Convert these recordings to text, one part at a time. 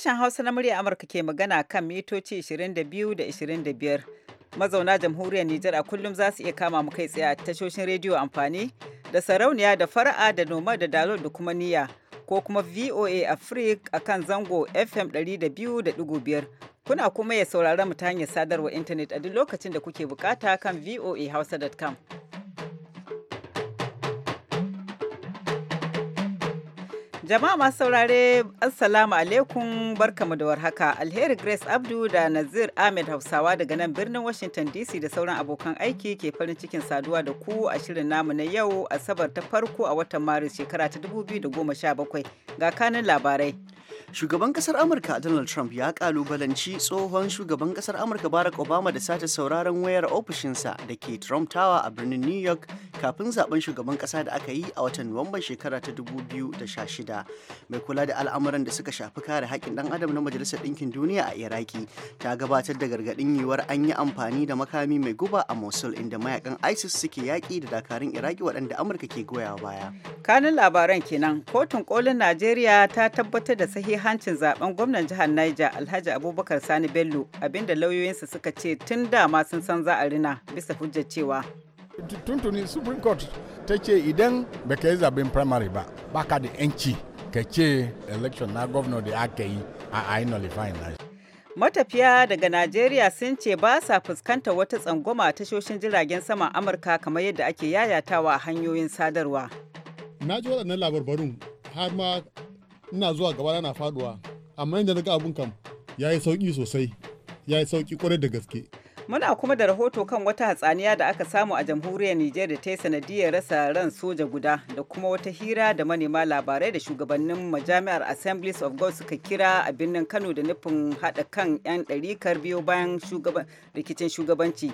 Sashen Hausa na murya Amurka ke magana kan mitoci 22 da 25. Mazauna jamhuriyar Nijar a kullum za su iya kama mu kai tsaye a tashoshin rediyo amfani da sarauniya da fara'a da noma da dalo da kuma niyya ko kuma VOA Africa a kan zango FM 200.5. Kuna kuma ya saurara mu ta hanyar sadarwa intanet a duk lokacin da kuke bukata kan voahausa.com. Jama'a masu saurare, Assalamu alaikum barkamu da warhaka. Alheri Grace Abdu da Nazir Ahmed Hausawa daga nan birnin Washington DC da sauran abokan aiki ke farin cikin saduwa da ku a shirin namu na yau Asabar ta farko a watan Maris shekara ta 2017 ga kanin labarai. Shugaban kasar Amurka Donald Trump ya kalubalanci tsohon shugaban kasar Amurka Barack Obama da sace sauraron wayar ofishinsa da ke Trump Tower a birnin New York kafin zaben shugaban kasa da aka yi a watan Nuwamban shekara ta 2016. Mai kula da al'amuran da suka shafi kare haƙƙin ɗan adam na Majalisar Ɗinkin Duniya a Iraki ta gabatar da gargaɗin yiwuwar an yi amfani da makami mai guba a Mosul inda mayakan ISIS suke yaƙi da dakarun Iraki waɗanda Amurka ke goyawa baya. Kanin labaran kenan, kotun kolin Najeriya ta tabbatar da sahihancin zaben gwamnan jihar Niger Alhaji Abubakar Sani Bello abinda lauyoyinsa suka ce tun dama sun san za a rina bisa hujjar cewa. Tuntuni Supreme Court ta ce idan baka yi zaben primary ba baka da 'yanci ka ce election na governor da aka yi a ainihin na Matafiya daga Najeriya sun ce ba sa fuskantar wata tsangwama a tashoshin jiragen sama Amurka kamar yadda ake yayatawa a hanyoyin sadarwa. Na ji waɗannan labarbarun har ma ina zuwa gaba na faduwa amma inda na ga abun kam ya yi sauki sosai ya yi sauki kwarai da gaske Muna kuma da rahoto kan wata hatsaniya da aka samu a jamhuriyar Nijar da ta yi sanadiyar rasa ran soja guda da kuma wata hira da manema labarai da shugabannin majami'ar Assemblies of God suka kira a birnin Kano da nufin haɗa kan 'yan ɗarikar biyo bayan rikicin shugabanci.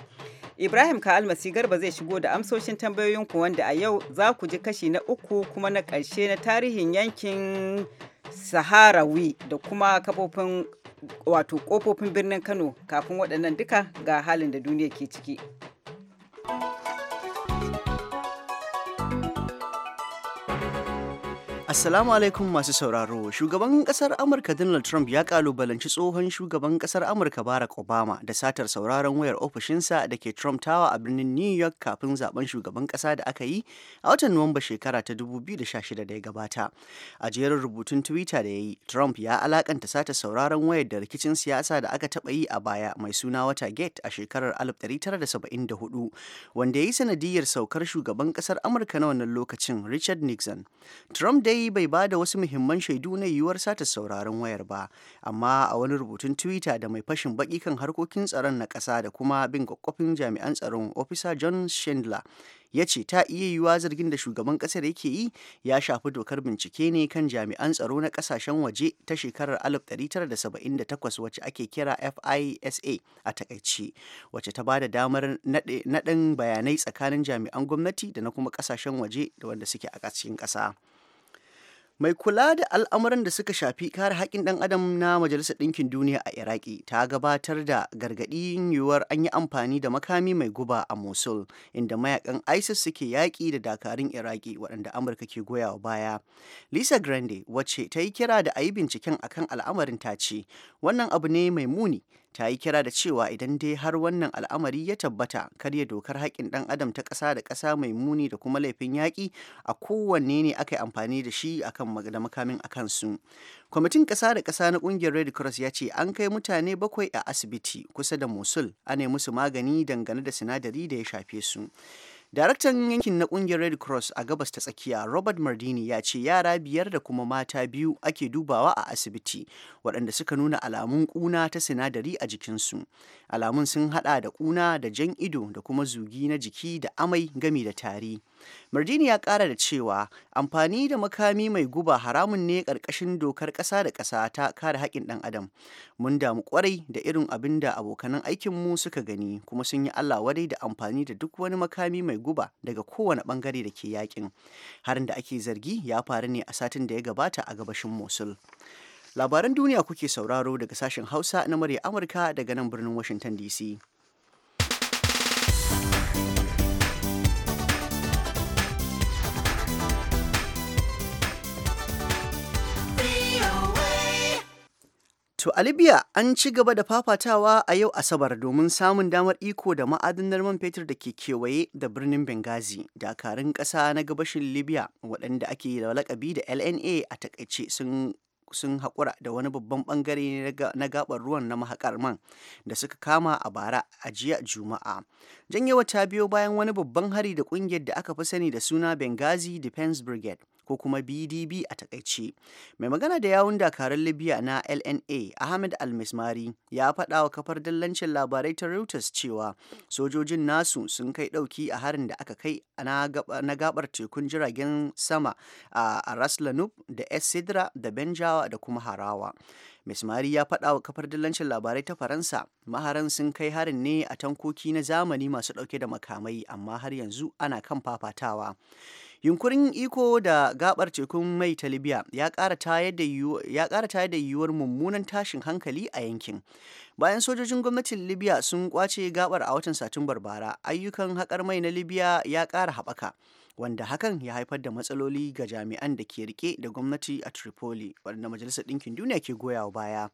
Ibrahim Ka Almasi Garba zai shigo da amsoshin tambayoyinku wanda a yau za ku ji kashi na uku kuma na ƙarshe na tarihin yankin saharawi da kuma kafofin wato kofofin birnin kano kafin waɗannan duka ga halin da duniya ke ciki. Assalamu alaikum masu sauraro. Shugaban kasar Amurka Donald Trump ya kalubalanci tsohon shugaban kasar Amurka Barack Obama da satar sauraron wayar ofishinsa da ke Trump Tower a birnin New York kafin zaben shugaban kasa da aka yi a watan Nuwamba shekara ta 2016 da ya gabata. A jerin rubutun Twitter da ya yi, Trump ya alakanta sata sauraron wayar da rikicin siyasa da aka taba yi a baya mai suna Watergate a shekarar 1974, wanda ya yi sanadiyar saukar shugaban kasar Amurka na wannan lokacin Richard Nixon. Trump dai bai ba da wasu muhimman shaidu na yiwuwar sata sauraron wayar ba, amma a wani rubutun Twitter da mai fashin baki kan harkokin tsaron na ƙasa da kuma bin kwakwafin jami'an tsaron Officer John Schindler ya ce ta iya yiwuwa zargin da shugaban ƙasar yake yi ya shafi dokar bincike ne kan jami'an tsaro na kasashen waje ta shekarar 1978 wacce ake kira FISA a takaice wace ta ba da damar naɗin bayanai tsakanin jami'an gwamnati da na kuma ƙasashen waje da wanda suke a cikin ƙasa. mai kula da al'amuran da suka shafi kare haƙƙin ɗan adam na majalisar ɗinkin duniya a iraki ta gabatar da gargaɗin yiwuwar an yi amfani da makami mai guba a mosul inda mayakan isis suke yaƙi da dakarun iraki waɗanda amurka ke goyawa baya lisa grande wacce ta yi kira da a yi binciken akan al'amarin ta ce wannan abu ne mai muni ta yi kira da cewa idan dai har wannan al'amari ya tabbata karya dokar haƙƙin ɗan adam ta ƙasa da ƙasa mai muni da kuma laifin yaƙi a kowanne ne aka yi amfani da shi akan da makamin a kansu kwamitin ƙasa da ƙasa na ƙungiyar red cross ya ce an kai mutane bakwai a asibiti kusa da mosul ana musu magani dangane da sinadari da ya shafe su Daraktan yankin na kungiyar Red Cross a gabas ta tsakiya Robert Mardini ya ce yara biyar da kuma mata biyu ake dubawa a asibiti waɗanda suka nuna alamun ƙuna ta sinadari a jikinsu. alamun sun hada da kuna da jan ido da kuma zugi na jiki da amai gami da tari mardini ya kara da cewa amfani da makami mai guba haramun ne karkashin dokar kasa da kasa ta kare haƙƙin ɗan adam mun damu kwarai da irin abin da abokanan aikinmu suka gani kuma sun yi allah wadai da amfani da duk wani makami mai guba daga kowane bangare da ke yakin harin da ake zargi ya faru ne a satin da ya gabata a gabashin mosul Labaran duniya kuke sauraro daga sashen Hausa na murya Amurka daga nan birnin Washington DC. To a Libya an ci gaba da fafatawa a yau Asabar domin samun damar iko da ma'adinar man fetur da ke kewaye da birnin Benghazi, dakarun ƙasa na gabashin Libya waɗanda ake da lakabi da LNA a takaice sun sun haƙura da wani babban ɓangare na gaɓar ruwan na mahaƙar man da suka kama a bara a jiya juma'a janyewa ta biyo bayan wani babban hari da ƙungiyar da aka fi sani da suna benghazi defense brigade ko kuma bdb a takaice mai magana da yawun dakarun libya na lna ahmed almismari ya faɗa wa kafar dallancin labarai ta reuters cewa sojojin nasu sun kai ɗauki a harin da aka kai na gabar tekun jiragen sama a ras lanub da sidra da benjawa da kuma harawa mismari ya faɗa wa kafar dillancin labarai ta faransa maharan sun kai harin ne a tankoki na zamani masu ɗauke da makamai amma har yanzu ana kan fafatawa yunkurin iko da gabar tekun mai ta libya ya kara tayar da yiwuwar mummunan tashin hankali a yankin bayan sojojin gwamnatin libya sun kwace gabar a watan satumbar bara ayyukan haƙar mai na libya ya ƙara haɓaka wanda hakan ya haifar da matsaloli ga jami'an da ke rike da gwamnati a tripoli wadanda majalisar ɗinkin duniya ke goyawa baya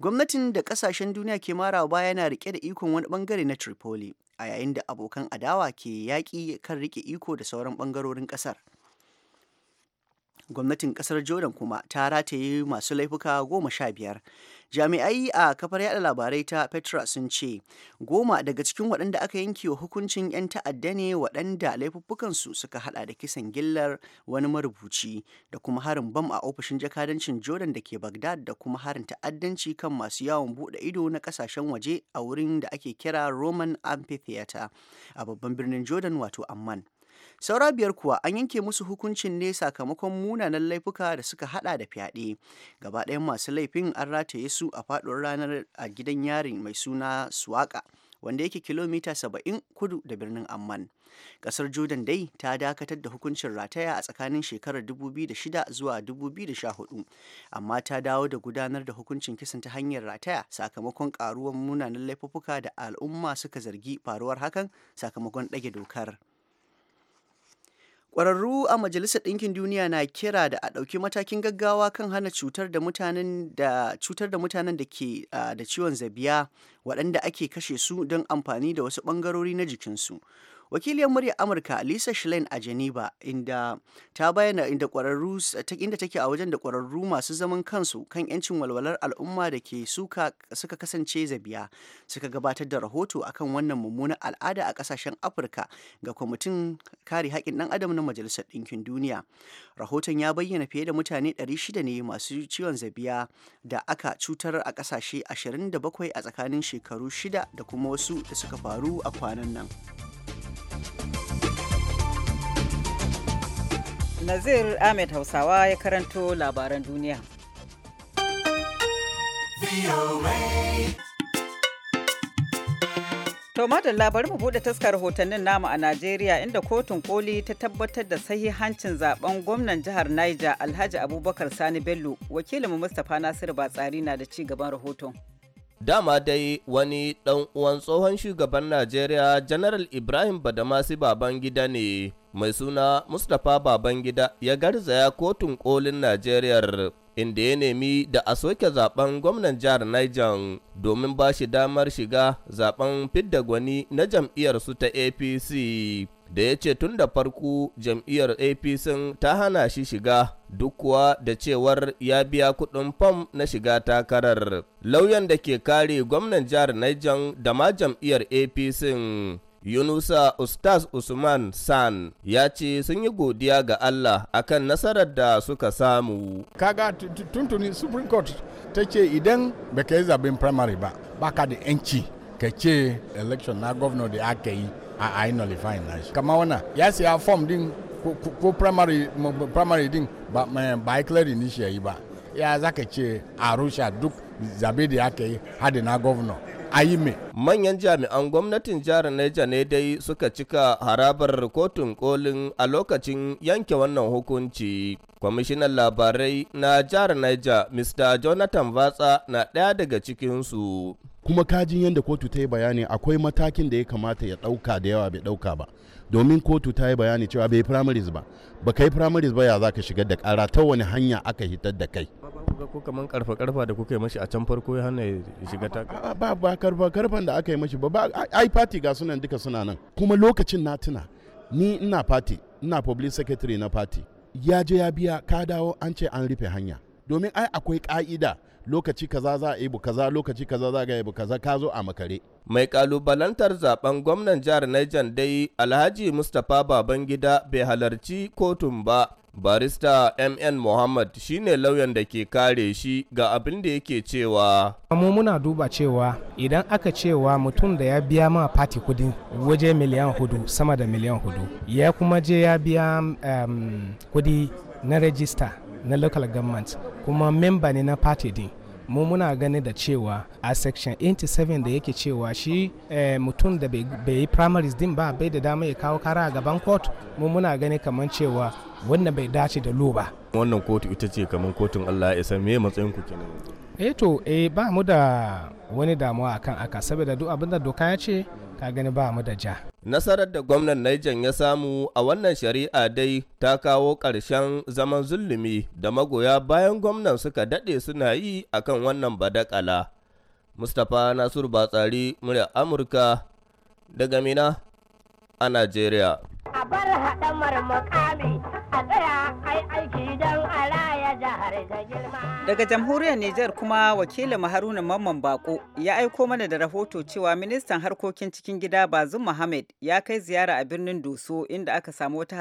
gwamnatin da ƙasashen duniya ke marawa baya na rike da ikon wani bangare na tripoli a yayin da abokan adawa ke yaƙi kan riƙe iko da sauran ɓangarorin ƙasar. gwamnatin kasar jordan kuma ta rataye masu laifuka goma sha biyar jami'ai a kafar yada labarai ta petra sun ce goma daga cikin waɗanda aka yanke wa hukuncin 'yan ta'adda ne waɗanda laifuffukansu suka hada da kisan gillar wani marubuci da kuma harin bam a ofishin jakadancin jordan da ke bagdad da kuma harin ta'addanci kan masu yawon buɗe ido na ƙasashen waje a wurin da ake kira roman amphitheater a babban birnin jordan wato amman Saura biyar kuwa an yanke musu hukuncin ne sakamakon munanan laifuka da suka hada da fyaɗe. Gaba ɗayan masu laifin an rataye su a faɗuwar ranar a gidan yari mai suna Suwaka. wanda yake kilomita 70 kudu da birnin Amman. ƙasar Jordan dai ta dakatar da hukuncin rataya a tsakanin shekarar 2006 zuwa 2014, amma ta dawo da gudanar da hukuncin kisan ta hanyar rataya sakamakon karuwar munanan laifuka da al'umma suka zargi faruwar hakan sakamakon ɗage dokar. Ƙwararru a Majalisar Ɗinkin Duniya na kira da a ɗauki matakin gaggawa kan hana cutar da mutanen da cutar da mutanen da ke da ciwon zabiya waɗanda ake kashe su don amfani da wasu ɓangarori na jikinsu. wakiliyar murya amurka lisa schlein a geneva inda ta bayyana inda kwararru inda take a wajen da kwararru masu zaman kansu kan yancin walwalar al'umma da ke suka suka kasance zabiya suka gabatar da rahoto akan wannan mummunan al'ada a kasashen afirka ga kwamitin kare haƙƙin ɗan adam na majalisar ɗinkin duniya rahoton ya bayyana fiye da mutane 600 ne masu ciwon zabiya da aka cutar a ƙasashe 27 a tsakanin shekaru shida da kuma wasu da suka faru a kwanan nan. Nazir Ahmed Hausawa ya karanto labaran duniya. To madalla mu buɗe taskar rahotannin namu a Najeriya inda kotun koli ta tabbatar da sahihancin zaben gwamnan jihar Niger Alhaji Abubakar Sani Bello wakilinmu Mustapha Nasiru Batsari na da ci gaban rahoton. Dama dai wani ɗan uwan tsohon shugaban Najeriya Janaral Ibrahim Badamasi Babangida ne mai suna Mustapha Babangida ya garzaya kotun kolin Najeriya inda ya nemi da a soke zaben gwamnan jihar Niger domin ba shi damar shiga zaben fidda gwani na jam'iyyarsu ta APC. da ya ce tun da farko jam'iyyar apc ta hana shi shiga duk kuwa da cewar ya biya kuɗin fam na shiga takarar lauyan da ke kare gwamnan jihar niger da ma jam'iyyar apc yunusa ustaz usman san ya ce sun yi godiya ga allah akan nasarar da suka samu kaga tuntuni supreme court ta ce idan baka yi zaben primary ba baka da 'yanci ka ce election na governor da aka yi a na shi. kama wana ya siya form din ko primary primary din ba ba declare ni shi yi ba ya zaka ce arusha duk zabe da aka yi hadi na governor me. manyan jami'an gwamnatin jihar Neja ne dai suka cika harabar kotun kolin a lokacin yanke wannan hukunci kwamishinan labarai na jihar Neja mr jonathan vatsa na ɗaya daga cikinsu kuma kajin yadda kotu ta yi bayani akwai matakin da ya kamata ya dauka da yawa bai dauka ba domin kotu ta yi bayani cewa bai primaries ba ba kai primaries ba ya za ka shigar da kara ta wani hanya aka hitar da kai ga ko kaman karfa karfa da kuka yi mashi a can farko ya hana shiga ta ba ba karfa karfan da aka yi mashi ba ba ai party ga sunan duka suna nan kuma lokacin na tuna ni ina party ina public secretary na party ya je ya biya ka dawo an ce an rufe hanya domin ai akwai ka'ida lokaci kaza za a yi bu kaza lokaci kaza za a yi bu kaza ka zo a makare mai kalubalantar zaben gwamnan jihar Niger dai Alhaji Mustapha Babangida bai halarci kotun ba barista mn muhammad shine lauyan da ke kare shi ga abin da yake cewa mu muna duba cewa idan aka cewa mutum da ya biya ma fati kudin waje miliyan hudu sama da miliyan hudu ya kuma je ya biya kudi na rajista na local government kuma memba ne na party din mu muna gani da cewa a section 87 da yake cewa shi eh, mutum da bai yi primaries din ba bai da dama ya kawo kara a gaban court mu muna gani kamar cewa wannan bai dace da lo ba wannan kotu ita ce kamar kotun Allah ya san me matsayin ku kenan eh to eh ba mu da wani damuwa akan aka saboda duk abinda doka ya ce ka gani ba mu da ja nasarar da gwamnan Niger ya samu a wannan shari'a dai ta kawo ƙarshen zaman zulumi da magoya bayan gwamnan suka daɗe suna yi akan wannan badakala mustapha nasiru batsari murya amurka daga mina a najeriya a bar haɗa mukami a tsaya ai aiki don Daga jamhuriyar Nijar kuma wakilin Haruna Mamman Bako ya aiko mana da rahoto cewa ministan harkokin cikin gida Bazum Mohammed ya kai ziyara a birnin Doso inda aka samu wata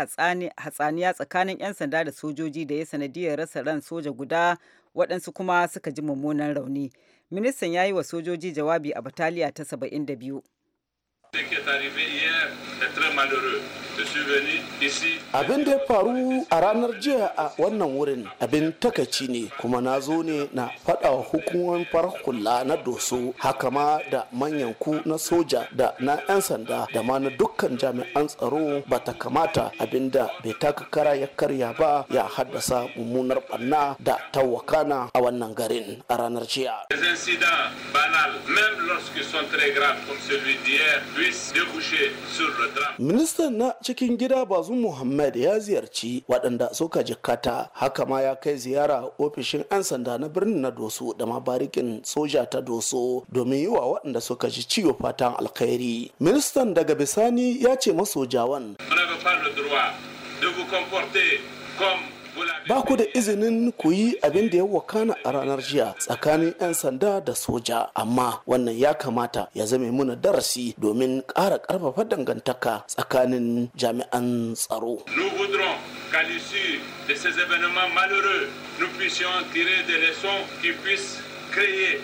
hatsaniya tsakanin 'yan sanda da sojoji da ya sanadiyar rasa ran soja guda waɗansu kuma suka ji mummunan rauni. Ministan ya yi wa sojoji jawabi a bataliya ta 72. Abin da ya faru a ranar jiya a wannan wurin abin takaci ne kuma na zo ne na faɗa hukumar farkula na doso haka ma da manyan ku na soja da na 'yan sanda da ma na dukkan jami'an tsaro ba ta kamata abin da bai taka kara ya karya ba ya haddasa mummunar ɓanna da tawakana a wannan garin a ranar jiya. Les Ministan na cikin gida bazu Muhammad ya ziyarci waɗanda suka jikkata haka ma ya kai ziyara ofishin 'yan sanda na birnin na Doso da ma barikin soja ta Doso domin yi wa waɗanda suka ji ciwo fatan alkhairi. Ministan daga bisani ya ce masojawan. Muna ba ku da izinin ku yi abin da ya wakana a ranar jiya tsakanin 'yan sanda da soja amma wannan ya kamata ya zame muna darasi domin ƙara ƙarfafa dangantaka tsakanin jami'an tsaro de ces événements malheureux, nous puissions qui puissent créer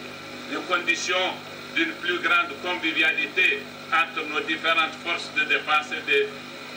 conditions d'une plus grande convivialité entre nos différentes forces de défense et de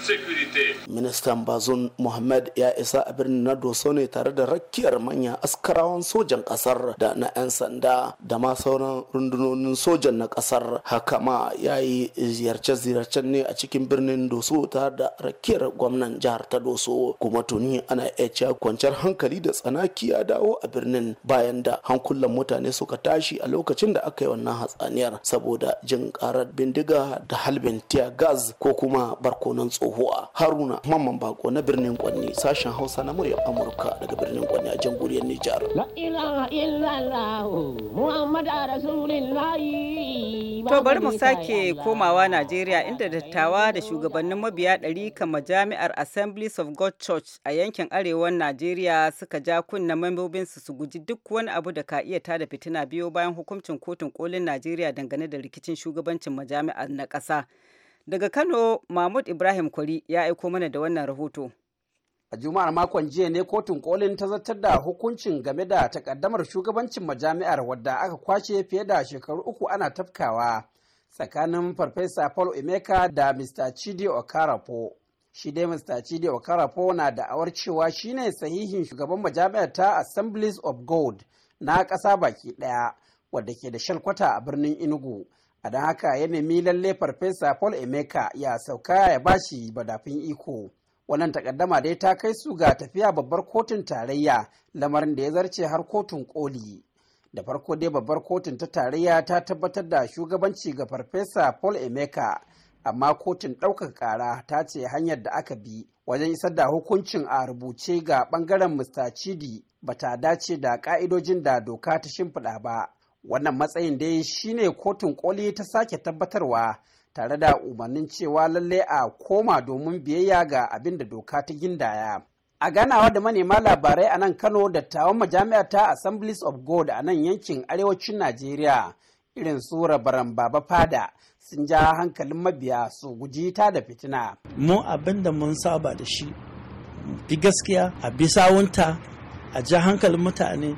sécurité. Ministan Bazon Mohammed ya isa a birnin na Doso ne tare da rakiyar manya askarawan sojan kasar da na 'yan sanda da ma sauran rundunonin sojan na kasar. Haka ma ya yi ziyarce-ziyarcen ne a cikin birnin Doso tare da rakiyar gwamnan jihar ta Doso. Kuma tuni ana iya cewa kwanciyar hankali da tsanaki ya dawo a birnin bayan da hankulan mutane suka tashi a lokacin da aka yi wannan hatsaniyar saboda jin karar bindiga da halbin tiya gas ko kuma barkonon tsoho. haruna mamman bako na birnin kwanne sashen hausa na muryar amurka daga birnin kwanne a jamhuriyar nijar la ilaha illallah muhammad to bari mu sake komawa najeriya inda dattawa da shugabannin mabiya ɗari kan jami'ar assemblies of god church a yankin arewan najeriya suka ja kunna membobinsu su guji duk wani abu da ka iya tada fitina biyo bayan hukuncin kotun kolin najeriya dangane da rikicin shugabancin majami'ar na ƙasa. Daga Kano, Mahmud Ibrahim Kwari ya aiko mana da wannan rahoto. A Juma'ar makon jiya ne kotun kolin ta zartar da hukuncin game da takaddamar shugabancin majami'ar wadda aka kwace fiye da shekaru uku ana tafkawa tsakanin Farfesa Paul Emeka da Mr. Chidi Okarafo. Shi dai Mr. Chidi Okarafo na da awar cewa shine sahihin shugaban majami'ar ta Assemblies of gold na ƙasa baki ɗaya wadda ke da shalkwata a birnin inugu. a don haka ya nemi lalle farfesa paul emeka ya sauka ya bashi badafin iko wannan takaddama dai ta kai su ga tafiya babbar kotun tarayya lamarin da ya zarce har kotun koli da farko dai babbar kotun ta tarayya ta tabbatar da shugabanci ga farfesa paul emeka amma kotun ɗaukar ƙara ta ce hanyar da aka bi wajen isar da hukuncin a rubuce ga ɓangaren mr chidi ba ta dace da ƙa'idojin da doka ta shimfiɗa ba wannan matsayin dai shine kotun koli ta sake tabbatarwa tare da umarnin cewa lalle a koma domin biyayya ga abin da doka ta gindaya a ganawa da manema labarai a nan kano da dattawan majami'a ta assemblies of god a nan yankin arewacin najeriya irin su rabaran baba fada sun ja hankalin mabiya su guji ta da fitina mu abin da mun saba da shi fi gaskiya a bi sawunta a ja hankalin mutane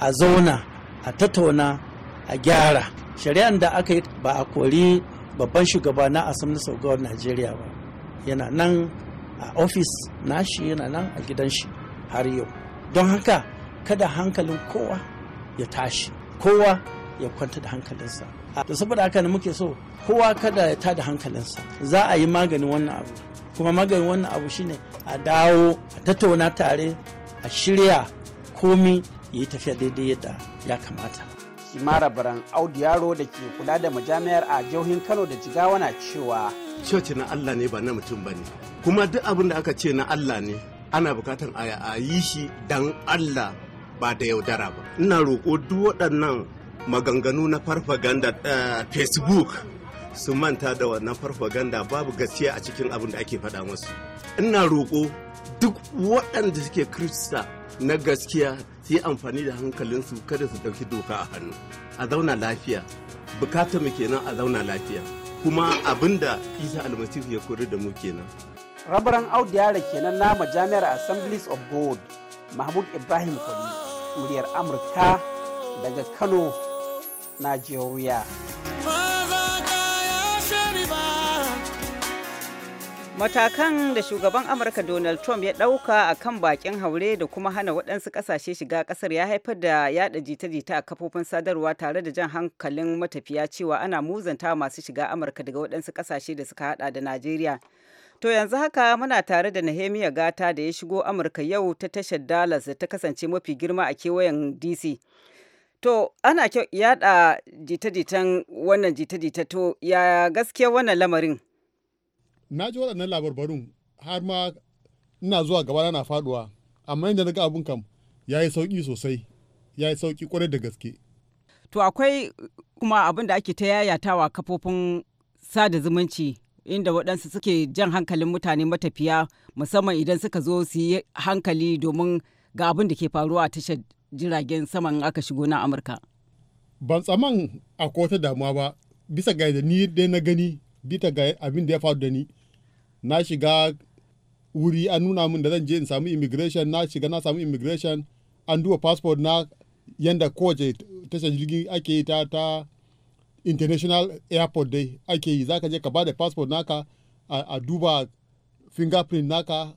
a zauna a tattauna a gyara shari'an da aka yi ba a kori babban shugaba na assembly of najeriya ba yana nan a ofis nashi yana nan a gidan shi har yau don haka kada hankalin kowa ya tashi kowa ya kwanta da hankalinsa da saboda haka ne muke so kowa kada ya tada hankalinsa za a yi maganin wannan abu kuma maganin wannan abu shine a dawo a tattauna tare a shirya komi ya yi tafiya daidai yadda ya kamata imara baran audu yaro da ke kula da majami'ar a jihohin kano da jigawa na cewa coci na allah ne ba na mutum ba ne kuma duk abin da aka ce na allah ne ana bukatan a yi shi dan allah ba da yaudara ba ina roƙo duk waɗannan maganganu na farfaganda eh, facebook su manta da wannan farfaganda babu gaskiya a cikin abin da ake faɗa musu ina roƙo duk waɗanda suke kirista na gaskiya su yi amfani da hankalinsu kada su ɗauki doka a hannu a zauna lafiya bukatar mu kenan a zauna lafiya kuma da isa almasihu ya koyar da mu kenan rabaran audu yara kenan na jami'ar assemblies of god mahmud ibrahim kwari muryar amurka daga kano najeriya matakan da shugaban amurka donald trump ya ɗauka a kan bakin haure da kuma hana waɗansu ƙasashe shiga ƙasar ya haifar da yada jita-jita a kafofin sadarwa tare da jan hankalin matafiya cewa ana muzanta masu shiga amurka daga waɗansu ƙasashe da suka haɗa da najeriya to yanzu haka muna tare da nahemiya gata da ya shigo amurka yau ta tashar dallas da ta kasance mafi girma a kewayen dc To ana yada jita-jitan wannan jita-jita to ya gaskiya wannan lamarin? na ji waɗannan labarbarun har ma ina zuwa gaba na faduwa amma inda na ga abun kam ya yi sauki sosai ya yi sauki kwarai da gaske to akwai kuma abin da ake ta yayatawa kafofin sada zumunci inda waɗansu suke jan hankalin mutane matafiya musamman idan suka zo su yi hankali domin ga abin da ke faruwa a tashar jiragen saman aka shigo na amurka ban tsaman a wata damuwa ba bisa ga yadda ni dai na gani bisa ga abin da ya faru da ni na shiga wuri an nuna min da zan je in samu immigration na shiga na samu immigration an duba passport na yadda kowace tashar jirgi ake yi ta ta international airport dai ake yi za ka je ka bada passport naka a duba fingerprint naka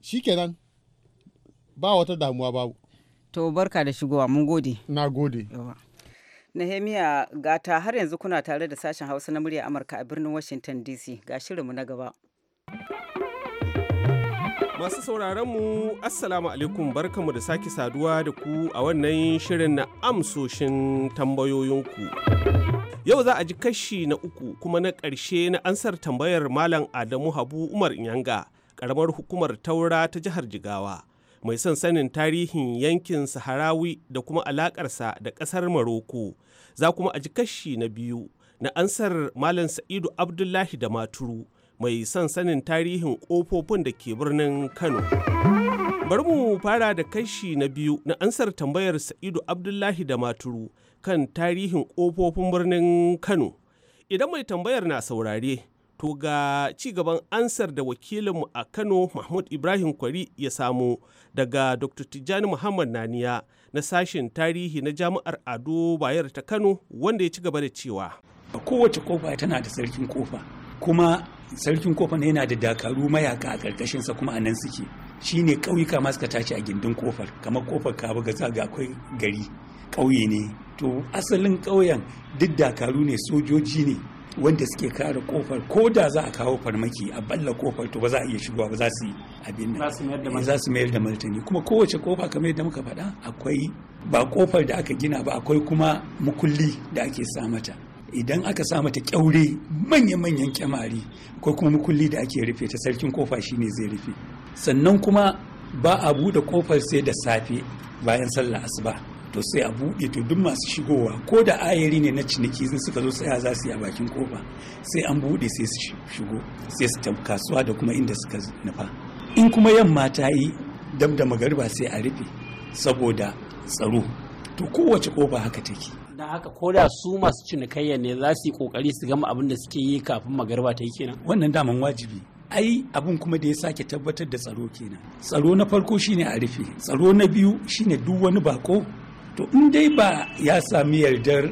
shikenan ba wata damuwa babu to barka da shigowa mun gode na gode Nehemiya gata har yanzu kuna tare da sashen Hausa na murya Amurka a birnin Washington DC ga shirinmu na gaba. Masu sauraron mu Assalamu alaikum barkanmu da sake saduwa da ku a wannan shirin na amsoshin tambayoyinku. Yau za a ji kashi na uku kuma na ƙarshe na ansar tambayar Malam Adamu Habu Umar Inyanga, ƙaramar hukumar taura ta jihar Jigawa, mai son sanin tarihin yankin Saharawi da kuma alaƙarsa da ƙasar Maroko. Za kuma a ji kashi na biyu na ansar Malam Sa'idu Abdullahi da Maturu. mai son sanin tarihin ƙofofin da ke birnin Kano. Bari mu fara da kashi na biyu na ansar tambayar Sa'idu Abdullahi da Maturu kan tarihin ƙofofin birnin Kano. Idan mai tambayar na saurare, to ga ci gaban ansar da wakilinmu a Kano Mahmud Ibrahim Kwari ya samu daga Dr. Tijjani Muhammad Naniya na sashen tarihi na Jami'ar Ado Bayar ta Kano wanda ya ci gaba da cewa. Kowace kofa tana da sarkin kofa. kuma sarkin kofa yana da dakaru mayaka a ƙarƙashinsa kuma a nan suke shi ne ƙauyuka masu suka tashi a gindin kofar kamar kofar kabu ga zaga akwai gari ƙauye ne to asalin ƙauyen duk dakaru ne sojoji ne wanda suke kare kofar ko da za a kawo farmaki a balla kofar to ba za a iya shigowa ba za su yi abin nan za su mayar da eh, martani kuma kowace kofa kamar yadda muka faɗa akwai ba kofar da aka gina ba akwai kuma mukulli da ake sa mata idan aka sa mata kyaure manya-manyan kyamari ko kuma mukulli da ake rufe ta sarkin kofa ne zai rufe sannan kuma ba a buɗe kofar sai da safe bayan sallah asuba to sai a buɗe to duk masu shigowa ko da ayari ne na ciniki sun suka zo tsaya za su yi a bakin kofa sai an buɗe sai su shigo sai su kasuwa da kuma inda suka nufa in kuma yamma ta yi dab da magariba sai a rufe saboda tsaro to kowace kofa haka take don haka ko da su masu cinikayya ne za su yi kokari su gama abin da suke yi kafin magarba ta yi kenan wannan daman wajibi ai abin kuma da ya sake tabbatar da tsaro kenan tsaro na farko shine a rufe tsaro na biyu shine duk wani bako to in dai ba ya sami yardar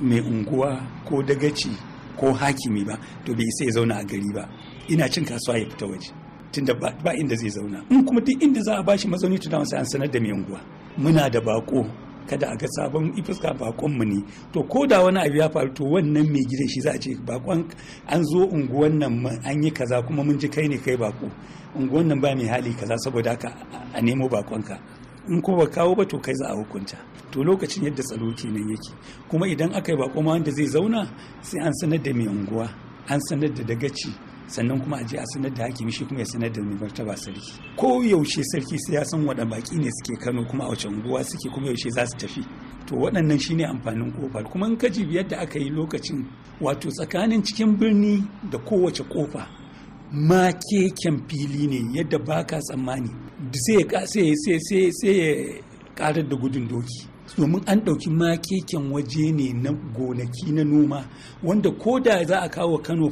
mai unguwa ko dagaci ko hakimi ba to bai isa ya zauna a gari ba ina cin kasuwa ya fita waje tunda ba inda zai zauna in kuma duk inda za a bashi mazauni to da an sanar da mai unguwa muna da bako kada a ga sabon ifiska bakon mu ne to ko da wani abu ya faru to wannan mai gidan shi za a ce bakon an zo unguwan nan an yi kaza kuma mun ji kai ne kai bako unguwan nan ba mai hali kaza saboda haka a nemo bakonka in ko ba kawo ba to kai za a hukunta to lokacin yadda tsaro kenan yake kuma idan aka yi bako ma wanda zai zauna sai an sanar da mai unguwa an sanar da dagaci sannan kuma a je a sanar da hakimi shi kuma ya sanar da mai martaba sarki ko yaushe sarki sai ya san waɗanda baki ne suke kano kuma a wace unguwa suke kuma yaushe za su tafi to waɗannan shine amfanin kofa kuma in ka jibi yadda aka yi lokacin wato tsakanin cikin birni da kowace kofa ma keken fili ne yadda baka tsammani sai ya karar da gudun doki domin an ɗauki makeken waje ne na gonaki na noma wanda ko da za a kawo kano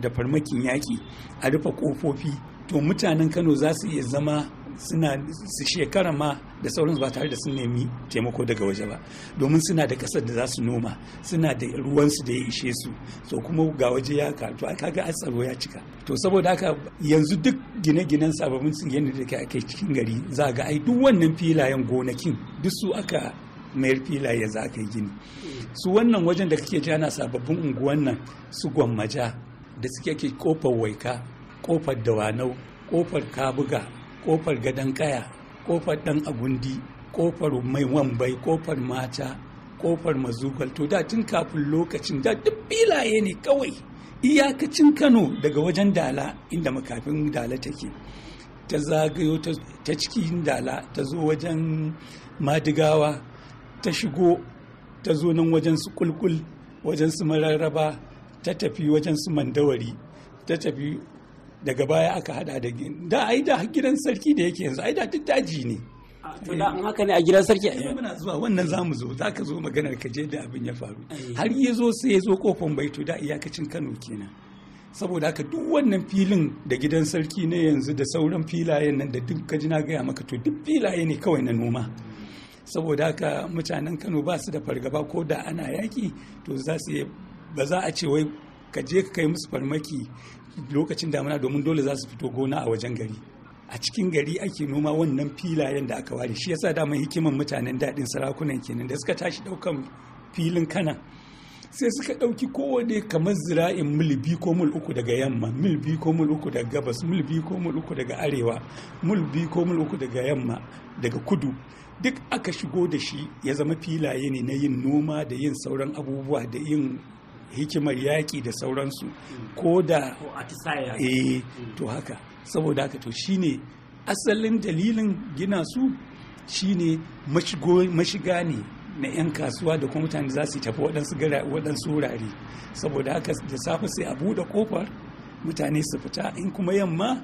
da farmakin yaƙi a rufe ƙofofi to mutanen kano za su iya zama suna su shekara ma da sauransu ba tare da sun nemi taimako daga waje ba domin suna da kasar da za su noma suna da ruwansu da ya ishe su so kuma ga waje ya karto a kaga tsaro ya cika to saboda haka yanzu duk gine-ginen sababbin tsingiyar da ke ake cikin gari za ga ai duk wannan filayen gonakin duk su aka mayar filaye za ka yi gini su wannan wajen da kake jana sababbin unguwan nan su gwammaja da suke ke kofar waika kofar dawanau kofar kabuga kofar gadon kaya kofar dan agundi kofar mai wambai kofar mata kofar mazugal to da tun kafin lokacin da duk filaye ne kawai iyakacin kano daga wajen dala inda makafin dala take ta zagayo ta cikin dala ta zo wajen madigawa ta shigo ta zo nan wajen su kulkul wajen su mararraba ta tafi wajen su mandawari ta tafi daga baya aka hada da da ai da gidan sarki da yake yanzu ai da duk ne to da an haka ne a gidan sarki ai muna zuwa wannan zamu zo za ka zo maganar ka je da abin ya faru har ya zo sai ya zo kofan baito da iyakacin Kano kenan saboda haka duk wannan filin da gidan sarki ne yanzu da sauran filayen nan da duk ka ji na gaya maka to duk filaye ne kawai na noma saboda haka mutanen Kano ba su da fargaba ko da ana yaki to za su ba za a ce wai ka je ka kai musu farmaki lokacin damuna domin dole za su fito gona a wajen gari a cikin gari ake noma wannan filayen da aka ware shi yasa daman hikiman mutanen daɗin sarakunan kenan da suka tashi ɗaukan filin kana sai suka ɗauki kowane kamar zira'in mil biyu ko mil uku daga yamma mil biyu ko mil uku daga gabas mil biyu ko mil uku daga arewa mil biyu ko mil uku daga yamma daga kudu duk aka shigo da shi ya zama filaye ne na yin noma da yin sauran abubuwa da yin hikimar yaƙi da sauransu mm. ko da eh mm. to haka saboda haka to shine asalin dalilin gina su shine mashiga ne na 'yan kasuwa da kuma mutane za su tafi waɗansu wurare saboda haka da safe sai a buɗe kofar mutane su fita in kuma yamma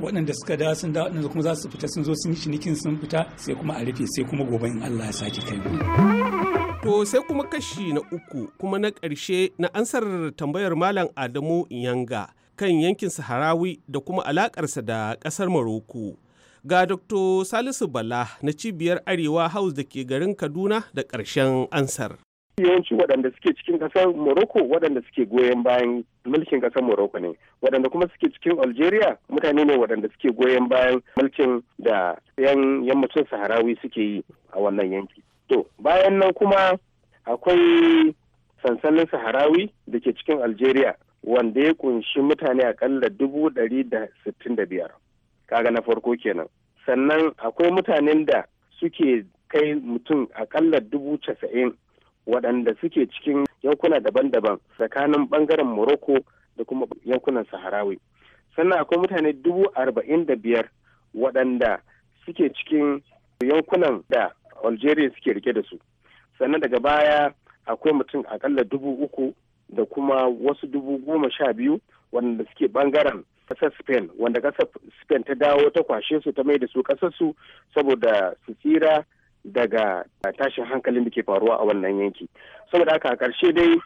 waɗanda suka da sun da waɗanda kuma za su fita sun zo sun yi cinikin sun fita sai kuma a rufe sai kuma gobe in Allah ya sake kai To sai kuma kashi na uku kuma na ƙarshe na ansar tambayar Malam Adamu Yanga kan yankin Saharawi da kuma alaƙarsa da ƙasar Maroko. Ga Dr. Salisu Bala na cibiyar Arewa House da ke garin Kaduna da ƙarshen ansar. Yawanci waɗanda suke cikin ƙasar Morocco waɗanda suke goyon bayan mulkin ƙasar Morocco ne, waɗanda kuma suke cikin Algeria mutane ne waɗanda suke goyon bayan mulkin da 'yan yammacin Saharawi suke yi a wannan yanki. to bayan nan kuma akwai sansanin saharawi da ke cikin algeria wanda ya kunshi mutane akalla dubu ɗari da sittin da biyar kaga na farko kenan sannan akwai mutanen da suke kai mutum akalla dubu casa'in waɗanda suke cikin yankuna daban-daban tsakanin ɓangaren morocco da kuma yankunan saharawi sannan akwai mutane dubu arba'in da biyar waɗanda suke cikin yankunan da algeria suke rike da su sannan daga baya akwai mutum akalla dubu uku da kuma wasu dubu goma sha biyu wanda suke bangaren kasar spain wanda kasar spain ta dawo ta kwashe su ta mai da su kasar su saboda su tsira daga tashin hankalin da ke faruwa a wannan yanki saboda haka a ƙarshe dai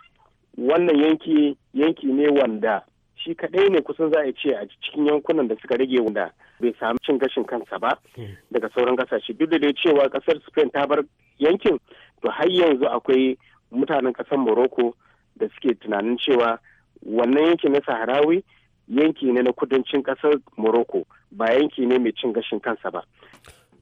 wannan yanki yanki ne wanda shi kaɗai ne kusan za a ce a cikin yankunan da suka rage wanda bai samu cin gashin kansa ba hmm. daga sauran kasashe duk da dai cewa kasar spain ta bar yankin to har yanzu akwai mutanen kasar morocco da suke tunanin cewa wannan yankin na saharawi yanki ne na kudancin kasar morocco ba yanki ne mai cin gashin kansa ba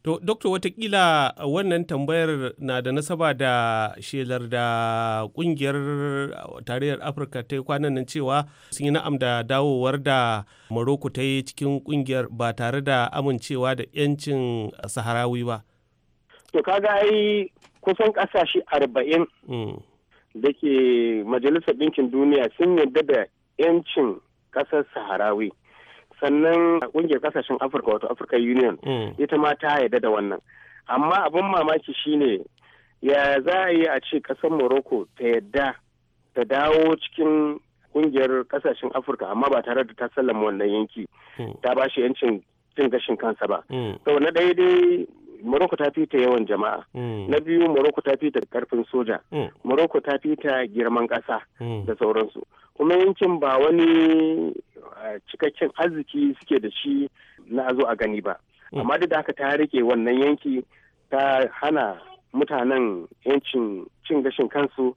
To, Dokta, watakila uh, wannan tambayar na da nasaba da shelar da kungiyar uh, tarayyar Afirka ta yi kwanan nan cewa sun yi na'am da dawowar da Morocco ta yi cikin kungiyar ba tare da amincewa da 'yancin Saharawi ba. To, kaga ai kusan ƙasashe arba'in mm. da ke Majalisar Ɗinkin Duniya sun yarda da 'yancin ƙasar Saharawi. sannan ƙungiyar kasashen afirka wato african union mm. ita ma ta yarda da wannan amma abin mamaki shine ya za a yi a ce ƙasar morocco ta yadda ta dawo cikin kungiyar kasashen afirka amma ba tare da ta sallama wannan yanki mm. ta ba shi 'yancin cin gashin kansa ba. Mm. to na daidai. Morocco ta fita yawan jama'a. Hmm. Na biyu Morocco ta fita karfin soja. Hmm. Morocco ta fita girman ƙasa hmm. da sauransu. Kuma yankin ba wani cikakken arziki suke da shi na zo a gani ba. Amma duk da haka ta rike wannan yanki ta hana mutanen yancin cin gashin kansu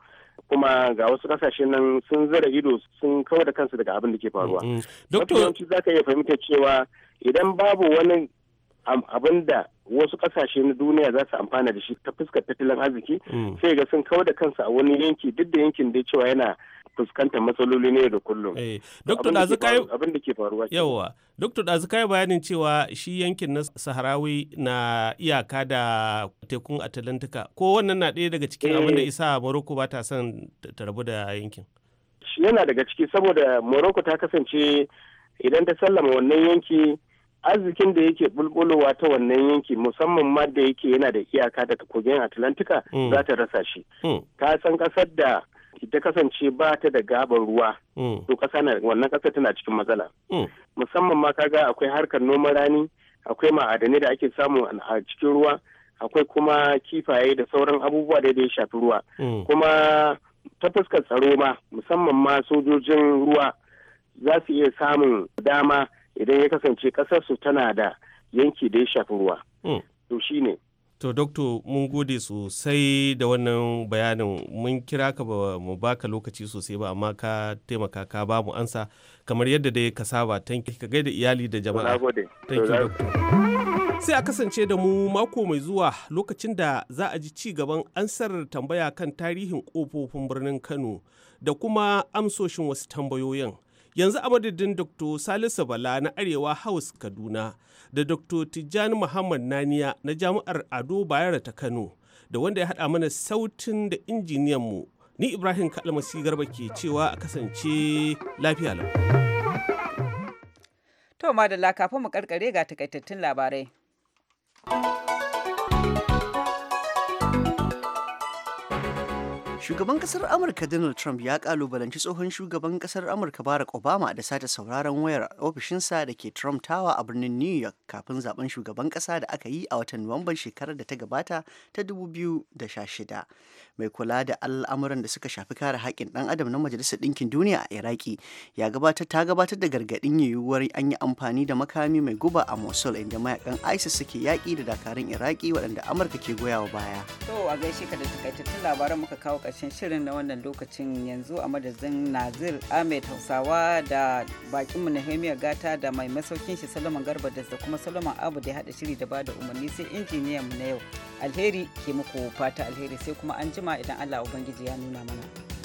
kuma ga wasu kasashe nan sun zara ido sun kawar da kansu daga abin da ke faruwa. Doktor za ka iya fahimta cewa idan babu wani abin da wasu kasashe na duniya za su amfana da shi ta fuskar tattalin arziki mm. sai ga sun kawar da kansu a wani yanki duk da yankin da cewa yana fuskantar matsaloli ne da kullum. Eh, abin da ke faruwa. Yawwa, Dazukai bayanin cewa shi yankin na Saharawi na iyaka da tekun Atalantika ko wannan na ɗaya daga cikin abin da eh. isa Morocco ba ta son ta rabu da yankin. Yana daga ciki saboda Morocco ta kasance idan ta sallama wannan yanki arzikin da yake bulbulowa ta wannan yanki musamman ma da yake yana da iyaka da kogin atlantika hmm. za ta rasa shi ta hmm. san kasar da ta kasance ba ta da gaban ruwa hmm. to kasa na wannan kasar tana cikin matsala musamman ma kaga akwai harkar noman rani akwai ma'adanai da ake samu a cikin ruwa akwai kuma kifaye da sauran abubuwa da ya shafi ruwa kuma ta fuskar tsaro ma musamman ma sojojin ruwa za su iya samun dama idan ya kasance su tana da yanki da ya shafi ruwa hmm. to ne. to dokto mun gode sosai da wannan bayanin mun kira ka ba mu baka lokaci sosai ba amma ka taimaka ka ba mu ansa kamar yadda dai ka saba tanki ka gaida iyali da jama'a sai a kasance da mu mako mai zuwa lokacin da za a ji ci gaban ansar tambaya kan tarihin kofofin birnin kano da kuma amsoshin wasu tambayoyin yanzu a madadin dr salisu bala na arewa house kaduna da dr tijjani muhammad naniya na jami'ar ado bayero ta kano da wanda ya haɗa mana sautin da injiniyanmu ni ibrahim kalmasi garba ke cewa a kasance lafiya lau to madalla kafin mu karkare ga takaitattun labarai Shugaban kasar Amurka Donald Trump ya kalubalanci tsohon shugaban kasar Amurka Barack Obama da sata sauraron wayar ofishinsa da ke Trump Tower a birnin New York kafin zaben shugaban kasa da aka yi a watan Nuwamban shekarar da ta gabata ta 2016. Mai kula da al'amuran da suka shafi kare haƙƙin ɗan adam na Majalisar Ɗinkin Duniya a Iraki ya gabatar ta gabatar da gargaɗin yiwuwar an yi amfani da makami mai guba a Mosul inda mayakan ISIS suke yaƙi da dakarun Iraki waɗanda Amurka ke goyawa baya. To a gaishe ka da takaitattun labaran muka kawo karshen shirin na wannan lokacin yanzu a madadin Nazir Ahmed Hausawa da bakinmu Nehemiya Gata da mai masaukin shi Salomon Garba da kuma Salomon Abu da ya haɗa shiri da ba da umarni sai injiniyan mu na yau. Alheri ke muku fata alheri sai kuma an jima idan Allah Ubangiji ya nuna mana.